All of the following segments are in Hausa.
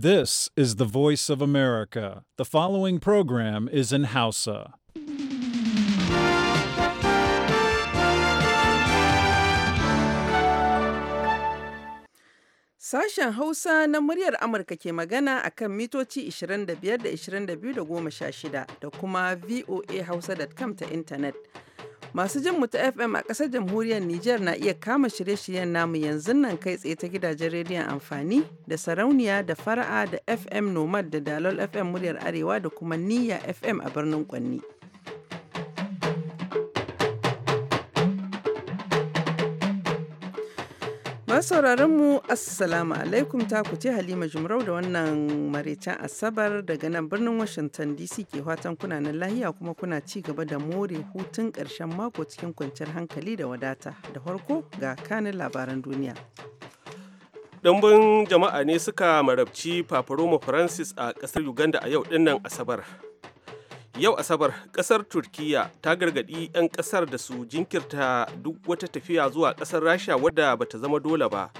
This is the voice of America. The following program is in Hausa. Sashen Hausa na muryar Amurka ke magana a kan mitoci 25 da 22 da 16 da kuma voahausa.com ta intanet. Masu jin mu ta FM a ƙasar jamhuriyar niger na iya kama shirye-shiryen namu yanzu nan kai tsaye ta gidajen rediyon amfani da sarauniya da fara'a da FM Nomad da Dalol FM muryar Arewa da kuma Niyya FM a birnin Kwanni. sauraron mu assalamu alaikum ta ku ce halima jumrau da wannan maraicen asabar daga nan birnin washington dc ke fatan kuna nan lahiya kuma kuna ci gaba da more hutun karshen mako cikin kwanciyar hankali da wadata da farko ga kanin labaran duniya ɗumbin jama'a ne suka marabci paparoma francis a ƙasar uganda a yau dinnan asabar yau asabar kasar turkiya ta gargadi 'yan kasar da su jinkirta duk wata tafiya zuwa kasar rasha wadda bata zama dole ba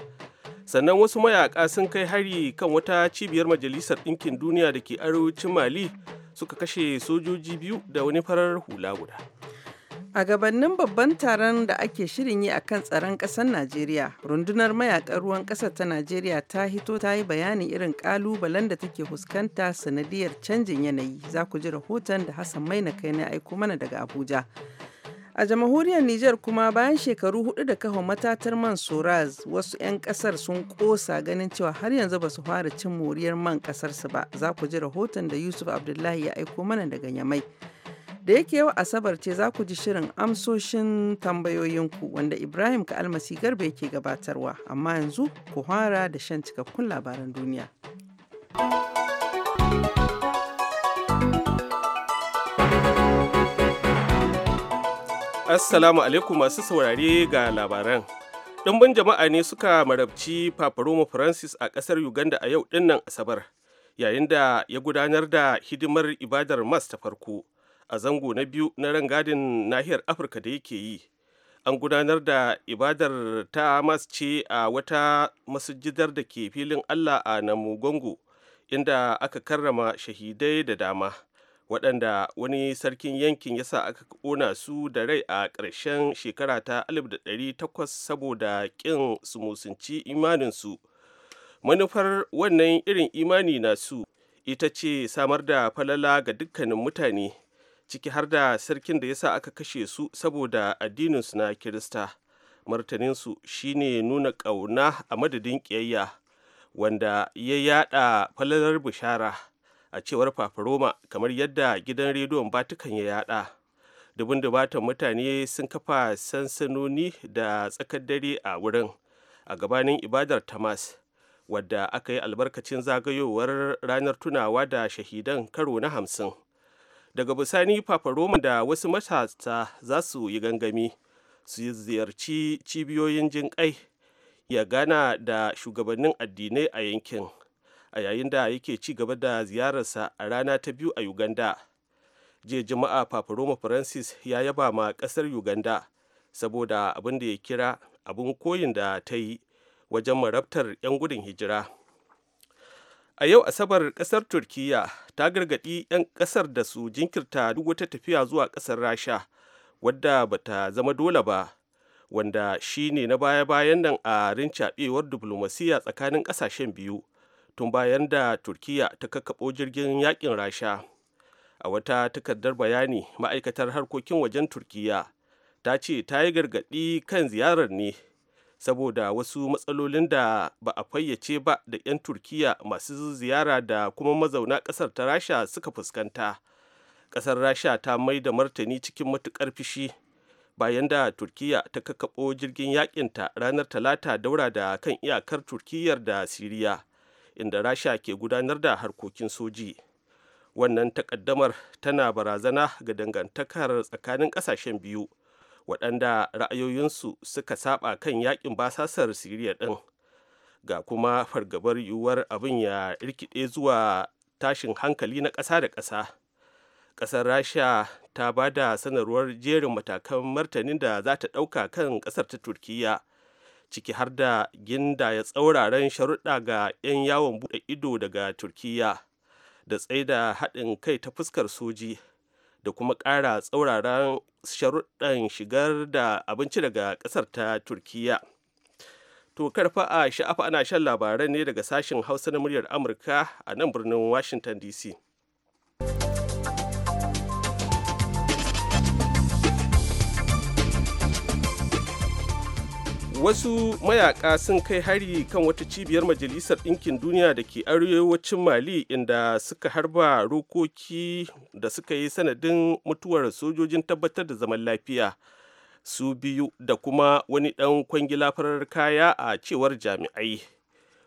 sannan wasu mayaka sun kai hari kan wata cibiyar majalisar ɗinkin duniya da ke arewacin mali suka kashe sojoji biyu da wani farar hula guda A gabanin babban taron da ake shirin yi akan tsaron ƙasar Najeriya, rundunar mayakan ruwan ƙasar ta Najeriya ta hito ta yi bayanin irin ƙalubalen da take fuskanta sanadiyar canjin yanayi. Za ku ji rahoton da Hassan Maina kai na aiko mana daga Abuja. A jamhuriyar Nijar kuma bayan shekaru hudu da kafa matatar man Soraz, wasu 'yan kasar sun kosa ganin cewa har yanzu ba su fara cin moriyar man kasarsu ba. Za ku ji rahoton da Yusuf Abdullahi ya aiko mana daga Yamai. Da yake yau Asabar ce za ku ji shirin amsoshin tambayoyinku wanda Ibrahim ka almasi garba yake gabatarwa, amma yanzu ku hara da shan cikakkun labaran duniya. Assalamu alaikum masu saurare ga labaran. Ɗumbin jama'a ne suka marabci Paparoma Francis a ƙasar Uganda a yau ɗinnan Asabar, yayin da ya gudanar da hidimar ibadar mas ta farko. a zango na biyu na ran gadin nahiyar afirka da yake yi an gudanar da ibadar ta ce a wata masujidar da ke filin allah a namugongo inda aka karrama shahidai da dama waɗanda wani sarkin yankin yasa aka ƙona su da rai a ƙarshen shekara ta 1800 saboda ƙin su musunci imaninsu manufar wannan irin imani na su ita ce samar da falala ga dukkanin mutane ciki har da sarkin da yasa aka kashe su saboda addininsu na kirista martaninsu shine nuna ƙauna a madadin ƙiyayya wanda ya yada falalar bishara a cewar fafaroma kamar yadda gidan rediyon batukan ya yada dubin dubatan mutane sun kafa sansanoni da tsakar dare a wurin a gabanin ibadar tamas wadda aka yi albarkacin zagayowar ranar tunawa da shahidan karo na hamsin daga bisani papa roma da wasu matasa za su yi gangami su ziyarci cibiyoyin jin kai ya gana da shugabannin addinai a yankin a yayin da yake ci gaba da ziyararsa a rana ta biyu a uganda jiya jama'a papa roma francis ya yaba ma kasar uganda saboda abin da ya kira abin koyin da ta yi wajen marabtar 'yan gudun hijira a yau asabar kasar turkiya ta gargaɗi 'yan ƙasar da su jinkirta duk wata tafiya zuwa ƙasar rasha wadda bata zama dole ba wanda shi ne na baya-bayan nan a rincaɓewar diplomasiya tsakanin ƙasashen biyu tun bayan da turkiyya ta kakkaɓo jirgin yaƙin rasha a wata takardar bayani ma'aikatar harkokin wajen turkiyya ta ce ta yi gargaɗi kan ziyarar ne saboda wasu matsalolin da ba a fayyace ba da 'yan turkiya masu ziyara da kuma mazauna ƙasar ta rasha suka fuskanta ƙasar rasha ta mai da martani cikin matukar fishi bayan da turkiya ta kakaɓo jirgin yakinta ranar talata daura da kan iyakar turkiyar da siriya inda rasha ke gudanar da harkokin soji wannan takaddamar tana barazana ga dangantakar tsakanin ƙasashen biyu waɗanda ra'ayoyinsu suka saba kan yakin basasar siriya ɗin ga kuma fargabar yiwuwar abin ya rikide zuwa tashin hankali na ƙasa da ƙasa ƙasar rasha ta ba da sanarwar jerin matakan martanin da za ta ɗauka kan ƙasar ta turkiyya ciki har da ginda ya tsauraran sharuɗa ga 'yan yawon buɗe ido daga turkiyya da tsaida haɗin kai ta fuskar soji da kuma ƙara tsauraran sharuɗan shigar da abinci daga ƙasar ta turkiya to karfa a sha'afa ana shan labaran ne daga sashen hausa na muryar amurka a nan birnin washington dc wasu mayaka sun kai hari kan wata cibiyar majalisar ɗinkin duniya da ke arewacin mali inda suka harba rokoki da suka yi sanadin mutuwar sojojin tabbatar da zaman lafiya su biyu da kuma wani ɗan kwangila farar kaya a cewar jami'ai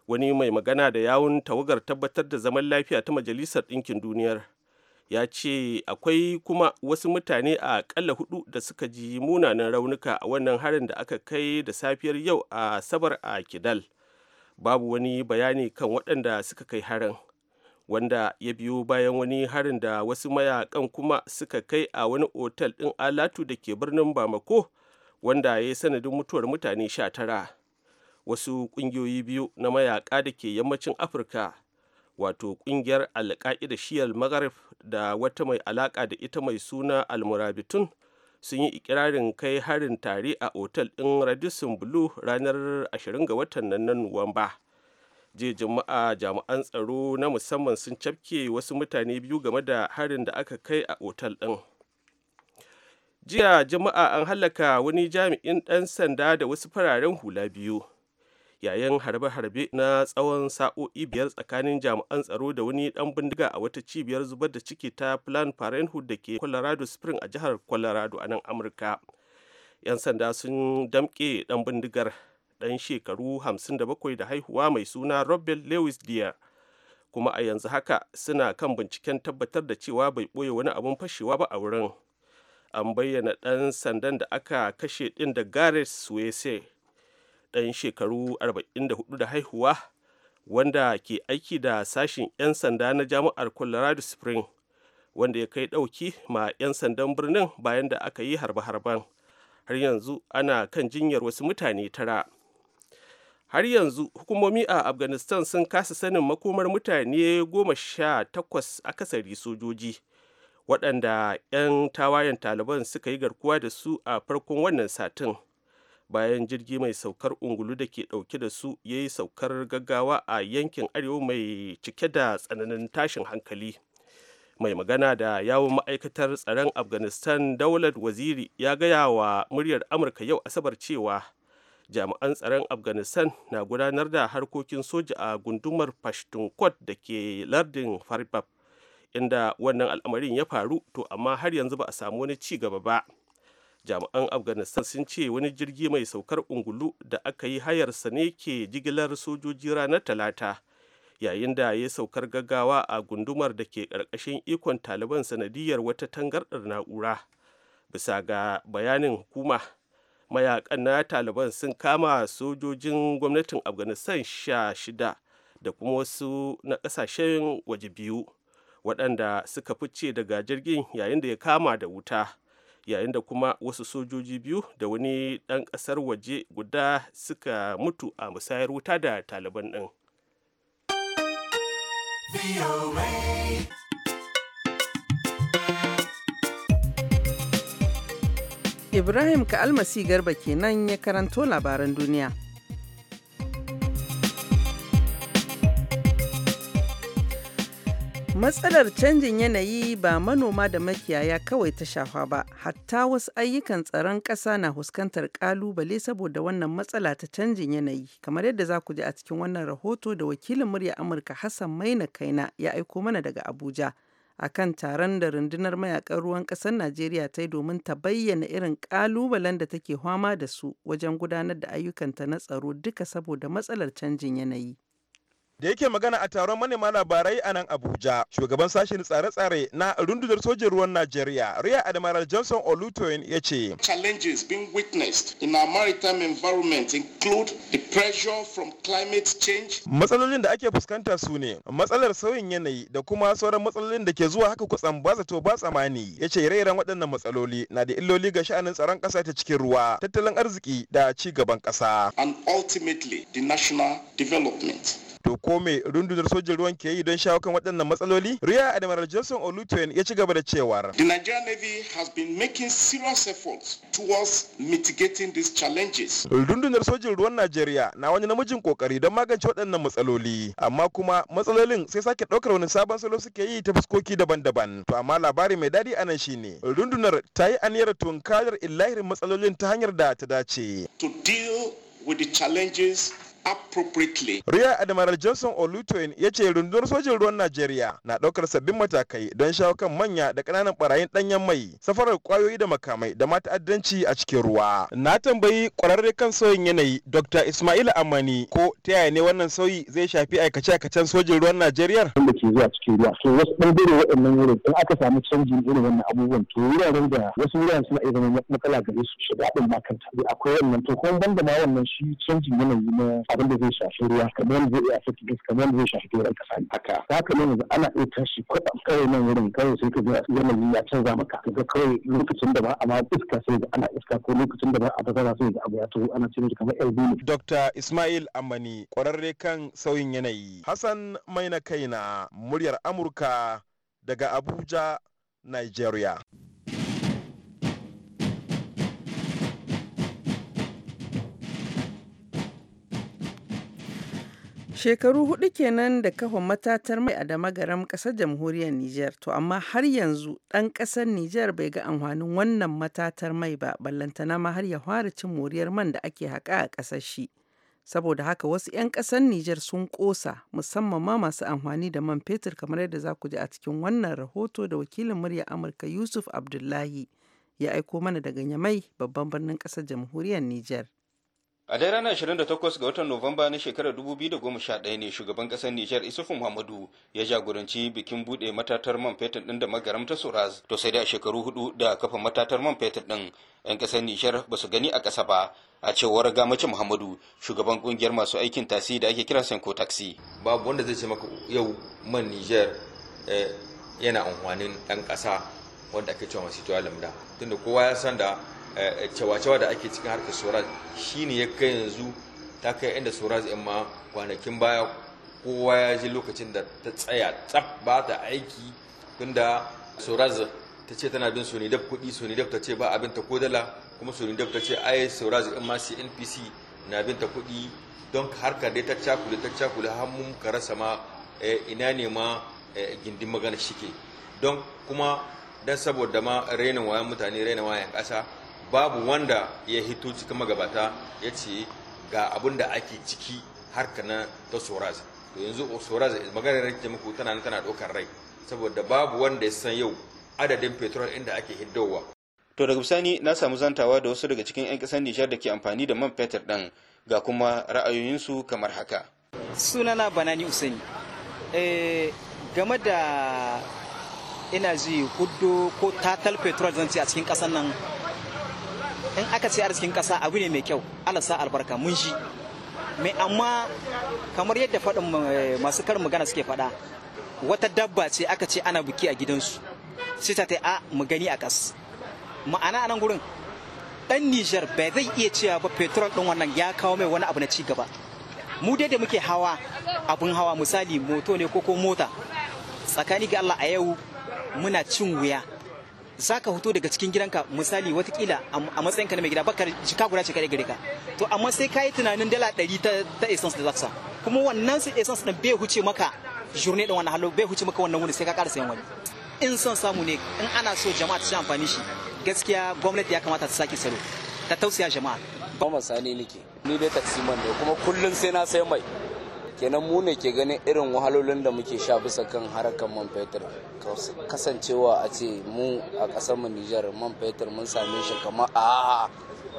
wani mai magana da yawun tawagar tabbatar da zaman lafiya ta majalisar ɗinkin duniyar ya ce akwai kuma wasu mutane a kalla hudu da suka ji munanan raunuka a wannan harin da aka kai da safiyar yau a sabar a kidal babu wani bayani kan waɗanda suka kai harin wanda ya biyo bayan wani harin da wasu mayakan kuma suka kai a wani otal ɗin alatu da ke birnin bamako wanda ya yi sanadin mutuwar mutane sha wasu ƙungiyoyi biyu na mayaka da ke yammacin afirka wato kungiyar alka'ida shiyar magharib da wata mai alaka da ita mai suna almurabitun sun yi ikirarin kai harin tare a otal ɗin radisson Blu ranar 20 ga watan nan na nuwamba je jama'a jami'an tsaro na musamman sun cafke wasu mutane biyu game da harin da aka kai a otal ɗin jiya jama'a an halaka wani jami'in ɗan sanda da wasu fararen hula biyu yayin harbe-harbe na tsawon sa'o'i biyar tsakanin jami'an tsaro da wani dan bindiga a wata cibiyar zubar da ciki ta plan parenthood da ke colorado spring a jihar colorado a nan amurka 'yan sanda sun damƙe dan bindigar dan shekaru 57 da haihuwa mai suna robert lewis deer kuma a yanzu haka suna kan binciken tabbatar da cewa bai ɓoye wani abun fashewa ba a wurin an bayyana ɗan sandan da aka kashe ɗin da gareth suwese ɗan shekaru 44 da haihuwa wanda ke aiki da sashin 'yan sanda na jami'ar colorado spring wanda ya kai ɗauki ma 'yan sandan birnin bayan da aka yi harba-harban har yanzu ana kan jinyar wasu mutane tara har yanzu hukumomi a afghanistan sun kasa sanin makomar mutane goma sha takwas akasari sojoji waɗanda 'yan tawayen taliban suka yi garkuwa da su a farkon wannan satin bayan jirgi mai saukar ungulu da ke dauke da su ya yi saukar gaggawa a yankin arewa mai cike da tsananin tashin hankali mai magana da yawon ma'aikatar tsaron afghanistan daulat waziri ya gaya wa muryar amurka yau asabar cewa jami'an tsaron afghanistan na gudanar da harkokin soja a gundumar pashtunkot da ke lardin faribab inda wannan al'amarin ya faru to amma har yanzu ba a samu wani ci gaba ba jami'an afghanistan sun ce wani jirgi mai saukar ungulu da aka yi hayarsa ne ke jigilar sojoji ranar talata yayin da ya saukar gaggawa a gundumar da ke ƙarƙashin ikon taliban sanadiyar wata tangarɗar na'ura bisa ga bayanin hukuma mayakan na taliban sun kama sojojin gwamnatin afghanistan sha shida da kuma wasu na ƙasashen waje biyu waɗanda suka fice daga jirgin yayin da ya kama da wuta yayin da kuma wasu sojoji biyu da wani ɗan ƙasar waje guda suka mutu a musayar wuta da taliban ɗin. Ibrahim Ka'almasi Garba kenan ya karanto labaran duniya. Matsalar canjin yanayi ba manoma da makiyaya kawai ta shafa ba, hatta wasu ayyukan tsaron ƙasa na fuskantar ƙalubale saboda wannan matsala ta canjin yanayi, kamar yadda za ku ji a cikin wannan rahoto da wakilin murya Amurka Hassan Maina Kaina ya aiko mana daga Abuja. a kan taron da rundunar mayakan ruwan ƙasar Najeriya ta yi domin ta bayyana irin ƙalubalen da take fama da su wajen gudanar da ayyukanta na tsaro duka saboda matsalar canjin yanayi. da yake magana a taron manema labarai a nan abuja shugaban sashen tsare-tsare na rundunar sojin ruwan najeriya riya admiral johnson olutoyin ya ce challenges being witnessed in our maritime environment include the pressure from climate change matsalolin da ake fuskanta su ne matsalar sauyin yanayi da kuma sauran matsalolin da ke zuwa haka kutsan ba zato ba tsamani ya ce rairan waɗannan matsaloli na da illoli ga sha'anin tsaron ƙasa ta cikin ruwa tattalin arziki da ci gaban ƙasa and ultimately the national development To ko me rundunar sojin ruwan ke yi don shawo kan waɗannan matsaloli? Riya Admiral Johnson Olutoyin ya ci gaba da cewa The Nigerian Navy has been making serious efforts towards mitigating these challenges. Rundunar sojin ruwan Najeriya na wani namijin kokari don magance waɗannan matsaloli, amma kuma matsalolin sai sake ɗaukar wani sabon salo suke yi ta fuskoki daban-daban. To amma labari mai daɗi anan shine rundunar ta yi aniyar tunkarar illahirin matsalolin ta hanyar da ta dace. To deal with the challenges appropriately. Rear Admiral Johnson Olutoyin ya ce rundunar sojin ruwan Najeriya na ɗaukar sabbin matakai don shawo kan manya da ƙananan ɓarayin ɗanyen mai, safarar ƙwayoyi da makamai da ma ta'addanci a cikin ruwa. Na tambayi ƙwararre kan sauyin yanayi Dr. Ismail Amani ko ta yaya ne wannan sauyi zai shafi aikace-aikacen sojin ruwan Najeriya? Wanda ke zuwa cikin ruwa, to wasu ɓangare waɗannan wurin in aka samu canjin irin wannan abubuwan to wuraren da wasu wuraren suna iya zama matsala gare su shiga ɗin ma Akwai wannan to kuma banda ma wannan shi canjin yanayi na abin da zai shafi ruwa kamar wanda zai iya afirka gas kamar wanda zai shafi doron kasa ne haka za ka nuna ana iya tashi da kawai nan wurin kawai sai ka ga yanayi ya canza maka ka ga kawai lokacin da ba a ma iska sai da ana iska ko lokacin da ba a bazara sai da abu ya taho ana cin kamar elbini. Dr. Ismail Amani kwararre kan sauyin yanayi. Hassan Maina Kaina muryar Amurka daga Abuja, Nigeria. Shekaru hudu kenan da kafa matatar mai a garam kasar jamhuriyar Nijar, to amma har yanzu dan ƙasar Nijar bai ga amfanin wannan matatar mai ba, ballantana ma har ya fara cin moriyar man da ake haƙa a kasar shi. Saboda haka wasu 'yan kasar Nijar sun kosa musamman ma masu amfani da man fetur kamar yadda za ku ji a cikin wannan rahoto da wakilin murya Amurka Yusuf Abdullahi ya aiko mana daga Yamai babban birnin ƙasar jamhuriyar Nijar. A dai ranar 28 ga watan Nuwamba na shekarar 2011 ne shugaban kasar Nijar Isufu Muhammadu ya jagoranci bikin buɗe matatar man fetur ɗin da magaram ta Soraz. To sai da shekaru hudu da kafa matatar man fetur ɗin, 'yan ƙasar Nijar ba su gani a ƙasa ba. A cewar mace Muhammadu, shugaban ƙungiyar masu aikin tasi da ake kira Senko Taxi. Babu wanda zai ce maka yau man Nijar eh, yana amfanin ɗan ƙasa wanda ake cewa masu tuwa lamda. Tunda kowa ya san da Eh, cewa da ake cikin harkar soraz shine ya kai yanzu ta kai inda soraz in ma kwanakin baya kowa ya ji lokacin da ta tsaya tsab ba ta aiki tunda soraz ta ce tana bin sonidab kuɗi daf ta ce ba abin ta kodala kuma daf ta ce ai soraz in ma cnpc na bin ta kuɗi don harkar dai ta cakule ta cakule har mun ka rasa ma eh, ina ne ma eh, gindin magana shike don kuma don saboda ma rainin wayan mutane rainin wayan ƙasa babu wanda ya hito cikin magabata ya ce ga abin da ake ciki harka na ta soraz to yanzu soraz maganar ke muku tana tana ɗaukar rai saboda babu wanda ya san yau adadin petrol inda ake hiddowa to daga bisani na samu zantawa da wasu daga cikin 'yan kasan nishar da ke amfani da man fetur ɗin ga kuma ra'ayoyinsu kamar haka sunana banani usani eh, game da ina ji hudu ko tatal petrol zan ci a cikin kasan nan in aka ce arzikin kasa abu ne mai kyau sa albarka mun shi mai amma kamar yadda faɗin eh, masu karin magana suke faɗa wata dabba ce aka ce ana buki a gidansu sai ta ta a mu gani a ƙas ma'ana a nan gurin Dan nijar bai zai iya cewa ba petrol ɗin wannan ya kawo mai wani abu na ci gaba mu dai da muke hawa abun hawa misali moto ne ko ko mota tsakani ga Allah a yau muna cin wuya za ka fito daga cikin gidanka misali watakila a matsayinka na mai gida baka jika guda ce kare gare ka to amma sai ka yi tunanin dala ɗari ta essence da za sa kuma wannan essence ɗin bai huce maka journée ɗin wannan halo bai huce maka wannan wuni sai ka ƙara sayan wani in son samu ne in ana so jama'a ta ci amfani shi gaskiya gwamnati ya kamata ta sake salo ta tausaya jama'a. ba Sani nake ni dai taxi man ne kuma kullum sai na sayan mai kenan mu ne ke ganin irin wahalolin da muke sha bisa kan harkar man fetur kasancewa a ce mu a ƙasar mu Nijar man fetur mun same shi kamar a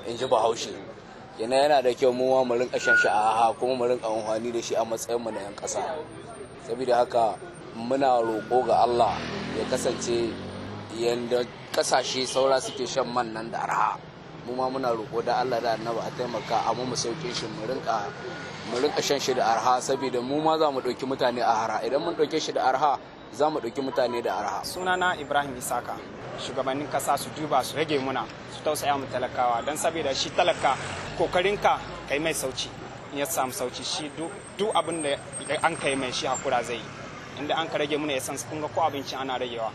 in ji bahaushe kenan yana da kyau mu ma mu rinka shan shi a kuma mu rinka amfani da shi a matsayin mu na yan ƙasa saboda haka muna roƙo ga Allah ya kasance yanda kasashe saura suke shan man nan da araha mu ma muna roƙo da Allah da Annabi a taimaka a mu sauke shi mu rinka mu rinka shan shi da arha saboda mu ma za mu ɗauki mutane a arha idan mun ɗauke shi da arha za mu ɗauki mutane da arha sunana ibrahim isaka shugabannin kasa su duba su rage muna su tausaya mu talakawa don saboda shi talaka ka kai mai sauci in ya samu sauci shi duk abin da an kai mai shi hakura zai yi inda an ka rage muna ya san su kunga ko abinci ana ragewa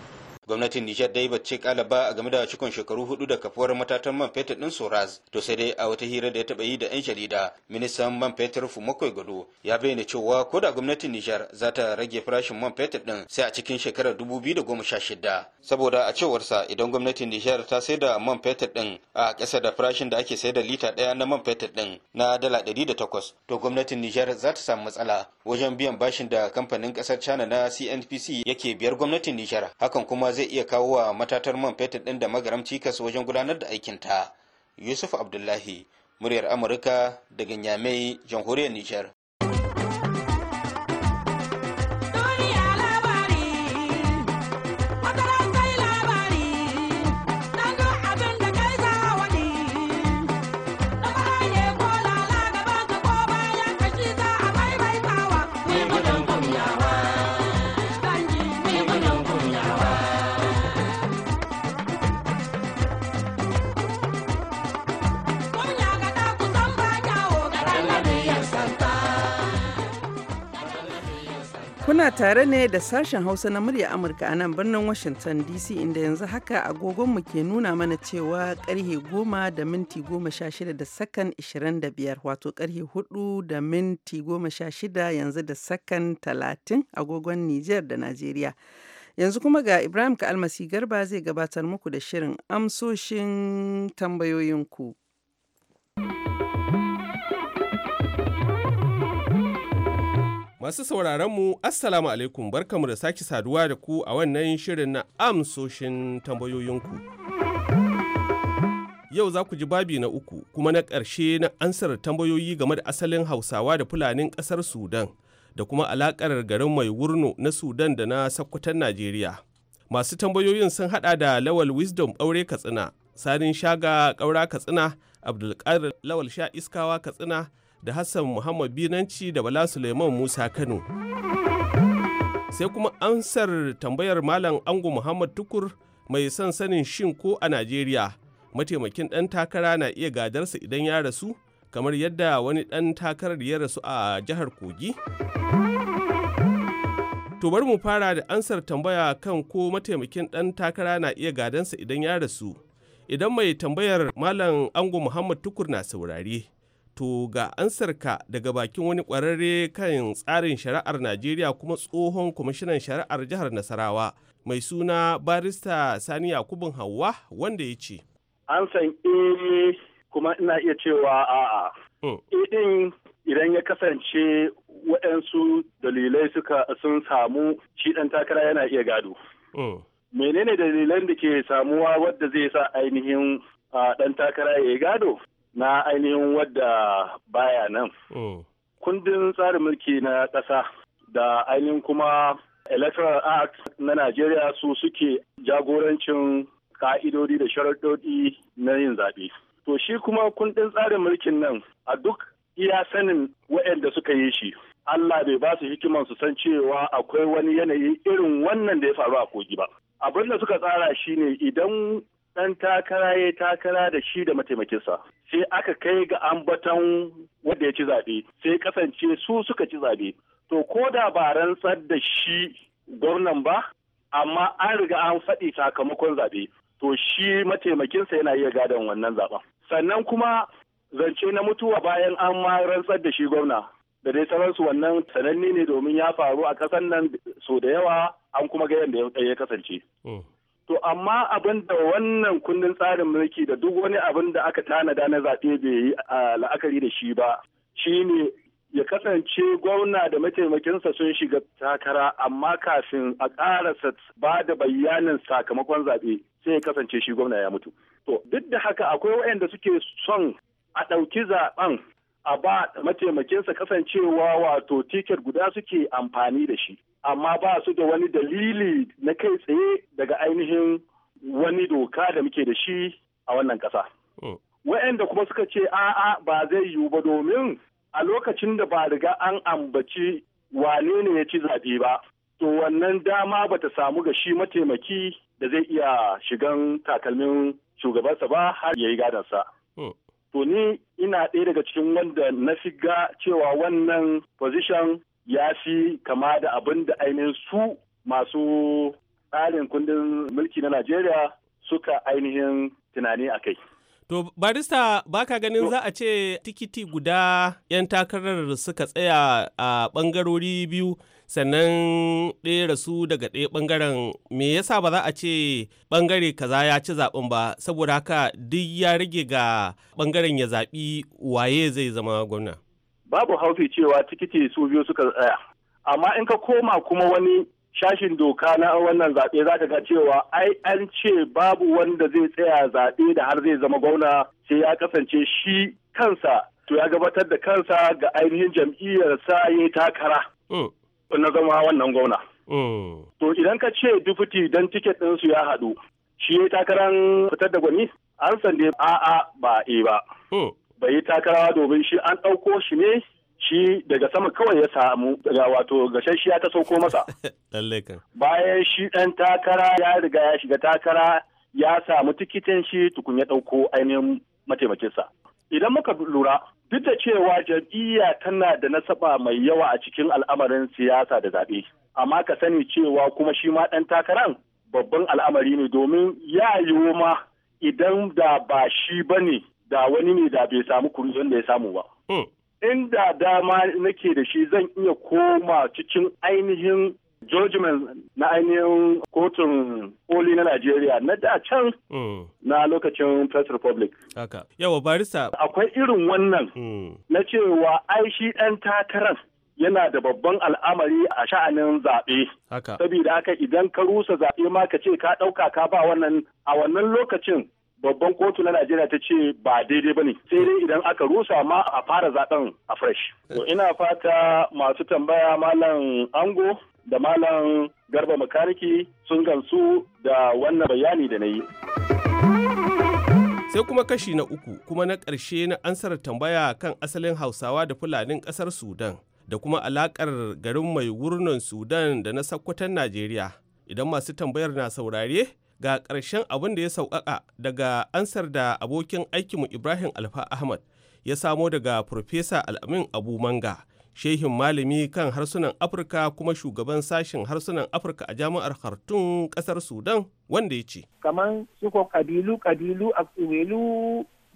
gwamnatin nijar dai ba ce kalaba game da cikon shekaru hudu da kafuwar matatan man fetur din soraz to sai dai a wata hira da ya taba yi da yan jarida ministan man fetur makwai gado ya bayyana cewa ko da gwamnatin nijar za ta rage farashin man fetur din sai a cikin shekarar 2016 saboda a cewarsa idan gwamnatin nijar ta sai da man fetur din a kasa da farashin da ake sayar da lita ɗaya na man fetur din na dala 108 to gwamnatin nijar za ta samu matsala wajen biyan bashin da kamfanin kasar china na cnpc yake biyar gwamnatin nijar hakan kuma zai iya kawo wa matatar man fetur ɗin da magaram cikas wajen gudanar da aikinta yusuf abdullahi muryar amurka daga nyamai jamhuriyar nijar Kuna tare ne da sashen Hausa na murya Amurka a nan birnin Washington DC inda yanzu haka agogonmu ke nuna mana cewa karhe goma da minti goma sha shida da sakan 25 wato karhe hudu da minti goma sha shida yanzu da sakan 30 agogon Nijar da Najeriya. Yanzu kuma ga Ibrahim Ka'almasi Garba zai gabatar muku da shirin amsoshin tambayoyinku. Masu sauraronmu, Assalamu alaikum barkamu da sake saduwa da ku a wannan shirin na amsoshin tambayoyinku. Yau za ku ji babi na uku kuma na ƙarshe na ansar tambayoyi game da asalin Hausawa da Fulanin ƙasar Sudan da kuma alaƙar garin mai wurno na Sudan da na sakkwatan Najeriya. Masu tambayoyin sun haɗa da Lawal Wisdom Aure Katsina, Sanin Shaga Ƙaura Katsina, Abdulkadir Lawal Sha Iskawa Katsina, da Hassan Muhammad Binanci da Bala Suleiman Musa Kano. Sai kuma ansar tambayar Malam Ango Muhammad Tukur mai son sanin shin ko a Najeriya mataimakin ɗan takara na iya gadarsa idan ya rasu kamar yadda wani ɗan takarar ya rasu a jihar Kogi? To bari mu fara da ansar tambaya kan ko mataimakin ɗan takara na iya gadansa idan ya rasu. Idan mai tambayar Malam Ango Muhammad Tukur na saurare, To ga ansarka daga bakin wani kwararre kan tsarin shari'ar Najeriya kuma tsohon kwamishinan shari'ar jihar Nasarawa mai suna barista Sani Yakubun Hauwa wanda ya ce. An san eh, kuma ina iya cewa a'a. Idin hmm. eh idan ya kasance waɗansu dalilai suka sun samu shi ɗan takara yana iya gado. Hmm. Menene dalilan da ke samuwa wadda zai sa ainihin ah, ɗan takara ya gado? na ainihin wadda baya nan. Oh. Kundin tsarin mulki na ƙasa da ainihin kuma Electoral Act na Najeriya su suke jagorancin ka'idodi da sharaɗoɗi na yin zaɓe. To shi kuma kundin tsarin mulkin nan a duk iya sanin waɗanda suka yi shi. Allah bai ba su hikiman su san cewa akwai wani yanayi irin wannan da ya faru a kogi ba. Abin da suka tsara shine idan ɗan takara ya takara da shi da mataimakinsa sai aka kai ga ambaton wanda ya ci zaɓe sai kasance su suka ci zaɓe to ko da ba rantsar da shi gwamnan ba amma an riga an faɗi sakamakon zaɓe to shi mataimakinsa yana iya gadon wannan zaɓen sannan kuma zance na mutuwa bayan an ma rantsar da shi gwamna da dai sauransu wannan sananne ne domin ya faru a kasan nan so da yawa an kuma ga yadda ya kasance. Hmm. To amma abin da wannan kundin tsarin mulki da duk wani abin da aka tanada na zaɓe bai yi a la'akari da shi ba shi ne ya kasance gwamna da mataimakinsa sun shiga takara amma kafin a ƙarasa ba da bayanin sakamakon zaɓe sai ya kasance shi gwamna ya mutu. To duk da haka akwai waɗanda suke son a ɗauki zaɓen a ba mataimakinsa kasancewa wato tiket guda suke amfani da shi. amma ba su da wani dalili na kai tsaye daga ainihin wani doka da muke da shi a wannan ƙasa. Oh. Wa'yanda kuma suka ce a'a ba zai yiwu ba domin a lokacin da ba riga an ambaci wane ne ya ci zaɓe ba, to wannan dama ba ta samu ga shi mataimaki da zai iya shigan takalmin shugabansa ba har ya yi gadansa. Oh. To ni ina ɗaya daga cikin wanda na fi ga cewa wannan position ya fi kama da abin da ainihin su masu tsarin kundin mulki na Najeriya suka ainihin tunani a kai. To, barista baka ganin za a ce tikiti guda 'yan takarar suka tsaya a ɓangarori biyu sannan ɗaya rasu daga ɗaya ɓangaren me yasa ba za a ce ɓangare kaza ya ci zaɓen ba saboda haka duk ya rage ga ɓangaren ya zaɓi waye zai zama gwamna. babu haufi cewa tikiti su biyu suka tsaya amma in ka koma kuma wani shashin doka na wannan zaɓe za ka ga cewa ai an ce babu wanda zai tsaya zaɓe da har zai zama gwamna sai ya kasance shi kansa to ya gabatar da kansa ga ainihin jam'iyyar sa ya takara oh. na zama wannan gwamna. Oh. To idan ka ce dufuti don tiket su ya haɗu, shi ya takarar fitar da gwani? An sande a'a ba e ba. Oh. bai yi takarawa domin shi an ɗauko shi ne shi daga sama kawai ya samu daga wato ya ta sauko masa. Bayan shi ɗan takara ya riga ya shiga takara ya samu tikitin shi tukun ya ɗauko ainihin mataimakinsa. Idan muka lura duk da cewa jam'iyya tana da nasaba mai yawa a cikin al'amarin siyasa da zaɓe. Amma ka sani cewa kuma shi ma ɗan takaran babban al'amari ne domin ya yiwu ma idan da ba shi ba ne da wani ne da bai samu kuriyar da ya samu ba. Hmm. Inda dama nake da shi zan iya koma cikin ainihin judgment na ainihin kotun koli na Najeriya na da can hmm. na lokacin First Republic. Haka. Yawa barista. Akwai irin wannan hmm. na cewa ai shi ɗan takarar yana da babban al'amari a sha'anin zaɓe. Haka. Saboda haka idan ka rusa zaɓe ma ka ce ka ɗauka ka ba wannan a wannan lokacin babban kotu na Najeriya ta ce ba daidai ba ne sai dai idan aka rusa ma a fara zaben a fresh. To ina fata masu tambaya malam ango da malam garba makariki sun gansu da wannan bayani da na yi. sai kuma kashi na uku kuma na ƙarshe na ansar tambaya kan asalin hausawa da fulanin ƙasar sudan da kuma alaƙar garin mai wurnan sudan da na sakkwatan najeriya idan masu tambayar na saurare ga ƙarshen abin da ya sauƙaƙa daga ansar da abokin aikinmu ibrahim alfa ahmad ya samo daga Profesa al'amin abu manga shehin malami kan harsunan afirka kuma shugaban sashen harsunan afirka a jami'ar hartun ƙasar sudan wanda ya ce kamar suko kabilu kabilu a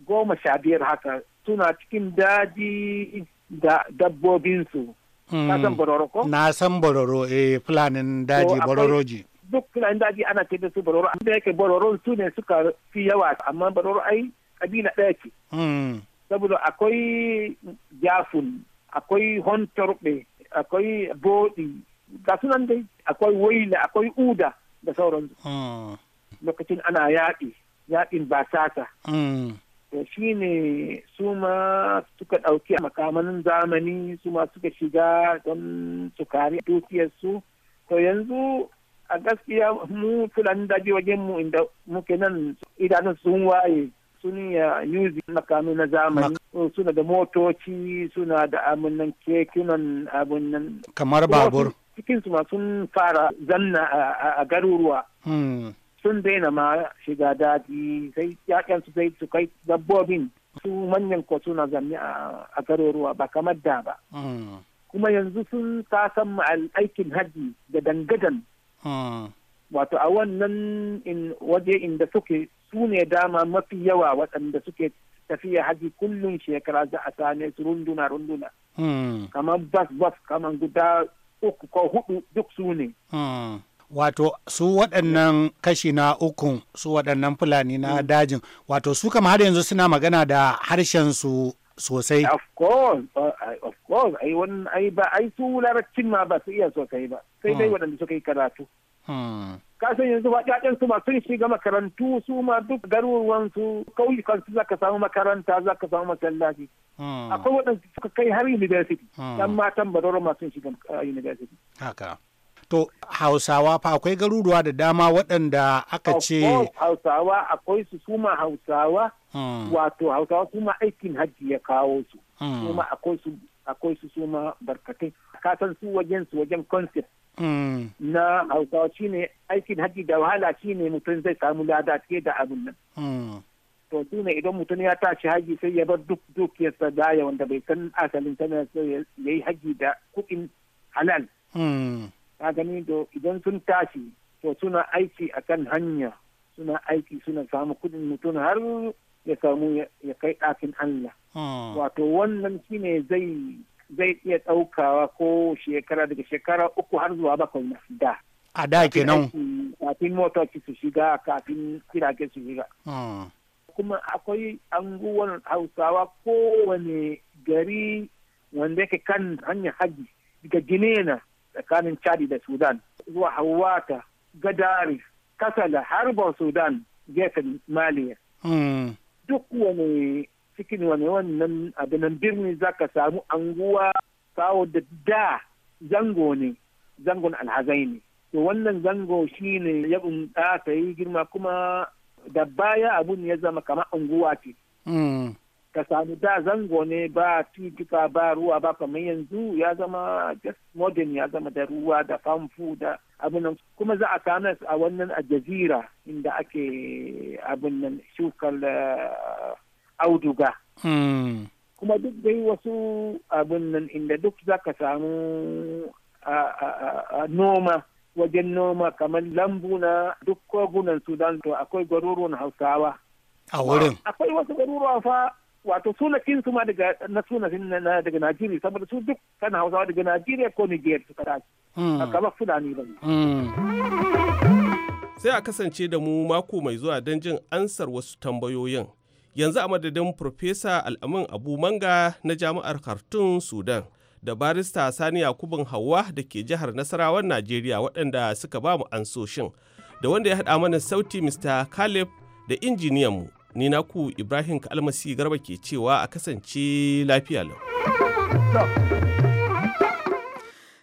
goma sha biyar haka suna cikin daji da dabbobinsu na san hmm. bororo ko na san bororo eh fulanin daji bororoji duk filayen daji ana ce su bororo da yake bororo su ne suka fi yawa amma bororo ai kabila ɗaya ce hmm. saboda akwai jafun akwai hontorbe akwai boɗi ga sunan dai akwai waila akwai uda da sauransu hmm. lokacin ana yaƙi yaƙin basasa hmm. to shi ne su ma suka ɗauki makaman zamani su ma suka shiga don su a dukiyarsu to yanzu a gaskiya mu fulani daji wajen mu inda muke nan idanun sun waye sun ya yuzi makami na zamani oh, suna da motoci suna da amunan kekunan abunan kamar babur cikin su sun fara zanna a garuruwa hmm. sun daina ma shiga daji sai yakan su sai su kai dabbobin su manyan ko suna zanne a garuruwa ba kamar da ba hmm. kuma yanzu sun kasan aikin hajji da dangadan wato a wannan waje inda suke su ne dama mafi yawa waɗanda suke tafiya haji kullum shekara za a same su runduna runduna hmm. kamar bas bas kamar guda uku ko hudu duk su ne hmm. wato su waɗannan kashi na ukun su waɗannan fulani na hmm. dajin wato su kama har yanzu suna magana da harshen su sosai of course uh, of course ai wani ai ba ai su larabcin ma ba su iya sosai ba sai dai hmm. waɗanda suka yi karatu hmm. ka san yanzu ba ƴaƴan su ma sun shiga makarantu su ma duk garuruwan su kauyukan su zaka samu makaranta zaka samu masallaci hmm. akwai waɗanda suka kai har university dan matan badoro ma sun shiga uh, university haka To Hausawa fa akwai garuruwa da dama waɗanda aka ce. Hausawa akwai su suma Hausawa. Hmm. Wato Hausawa suma aikin hajji ya kawo su. kuma hmm. akwai su akwai su suma barkatai. Ka san su wajen su wajen concept. Hmm. Na Hausawa shine aikin hajji da wahala shine mutum zai samu lada ke da abin nan. to sune idan mutum ya tashi haji sai ya bar duk dukiyarsa daya wanda bai san asalin sai ya yi haji da kuɗin halal. ka gani do idan sun tashi to suna aiki akan hanya suna aiki suna samu kudin mutum har ya samu ya kai ɗakin Allah. Wato wannan shine zai zai iya ɗaukawa ko shekara daga shekara uku har zuwa bakwai na da. A da kenan. Kafin motoci su shiga kafin kirage su shiga. Kuma akwai anguwan Hausawa kowane gari wanda yake kan hanyar haji daga na. tsakanin chadi da sudan zuwa hawata gadari kasala harbar sudan gefen maliya hmm. duk wani cikin wani wannan abinan birni za ka samu anguwa kawo da da zango ne zangon alhazai ne to wannan zango shi ne ya ta yi girma kuma da baya abun ya zama kamar anguwa ce hmm. ka sami da zango ne ba tutuka ba ruwa ba kamar yanzu ya zama just modern ya zama da ruwa da famfu da abin kuma za a sami a wannan a jazira inda ake abin nan shukar eh, auduga hmm. kuma duk dai wasu abin nan inda duk za ka samu noma wajen noma kamar lambu na duk kogunan sudan to akwai garuruwan hausawa a wurin akwai wasu garuruwa fa wato sunakin su ma daga na su na daga Najeriya saboda su duk kan Hausawa daga Najeriya ko Niger suka dace hmm. a kamar Fulani ba hmm. sai a kasance da mu mako mai zuwa don jin ansar wasu tambayoyin yanzu a madadin Profesa Al'amin Abu Manga na Jami'ar Khartoum Sudan da barista Sani Yakubun Hauwa da ke jihar Nasarawar Najeriya waɗanda suka ba mu ansoshin da wanda ya haɗa mana sauti Mr. Caleb da injiniyanmu ni naku ibrahim kalmasi garba ke cewa a kasance lafiya lau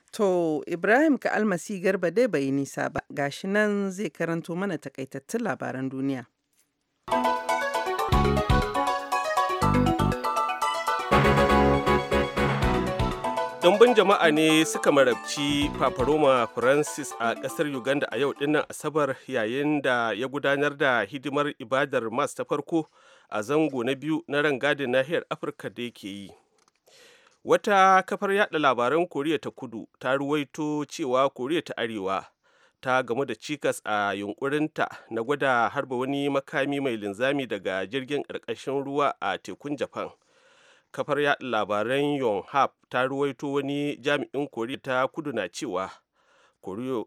to ibrahim ka almasi garba dai bai nisa ba gashi nan zai karanto mana takaitattun labaran duniya. dambun jama'a ne suka marabci Paparoma Francis a ƙasar Uganda a yau dinnan Asabar yayin da ya gudanar da hidimar ibadar mas ta farko a zango na biyu na rangadin nahiyar Afirka da yake yi. Wata kafar yada labaran Koriya ta kudu ta ruwaito cewa Koriya ta Arewa ta gamu da cikas a yunkurinta na gwada harba wani makami mai linzami daga jirgin ƙarƙashin ruwa a tekun Japan. kafar yaɗa labaran yonhap ta ruwaito wani jami'in koriya ta kudu na cewa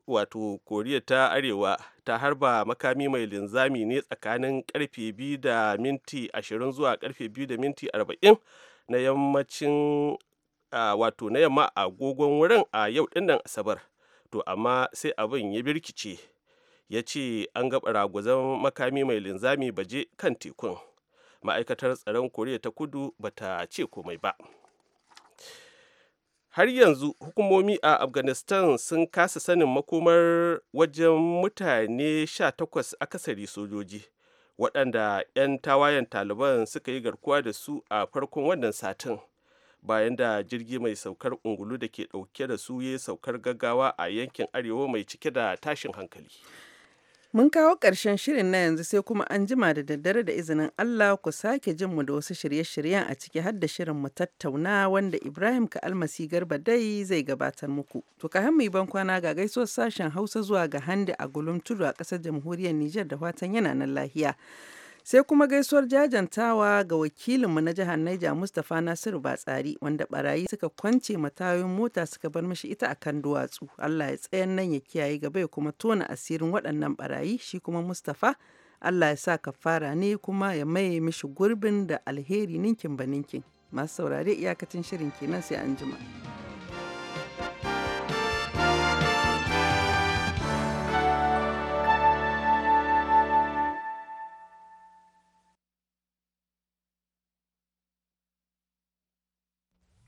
wato koriya ta arewa ta harba makami mai linzami ne tsakanin karfe 2 da minti 20 zuwa karfe 2 da minti 40 na yammacin wato na yamma agogon wurin a yau dinnan asabar to amma sai abin ya birkice ya ce an gaba ragwazon makami mai linzami baje kan tekun ma'aikatar tsaron koriya ta kudu ba ta ce komai ba har yanzu hukumomi a afghanistan sun kasa sanin makomar wajen mutane 18 akasari sojoji waɗanda 'yan tawayen taliban suka yi garkuwa da su a farkon wannan satin bayan da jirgi mai saukar ungulu da ke ɗauke da su ya saukar gaggawa a yankin arewa mai cike da tashin hankali Mun kawo ƙarshen shirin na yanzu sai kuma an jima da daddare da izinin Allah ku sake jin mu da wasu shirye-shiryen a ciki har da shirin mu tattauna wanda Ibrahim ka almasi garba dai zai gabatar muku. To ka mu ban kwana ga gaisuwar sashen Hausa zuwa ga handi a Gulum Tudu a ƙasar Jamhuriyar Nijar da fatan yana nan lahiya. Sai kuma gaisuwar jajantawa ga wakilinmu na jihar Niger Mustapha Nasiru Batsari wanda barayi suka kwance matayoyin mota suka bar mashi ita akan duwatsu. Allah ya tsayan nan ya kiyaye gaba ya kuma tona asirin waɗannan barayi shi kuma Mustapha Allah ya sa kafara ne kuma ya maye mishi gurbin da alheri ninkin ba ninkin. Masu saurare iyakacin shirin kenan sai an jima.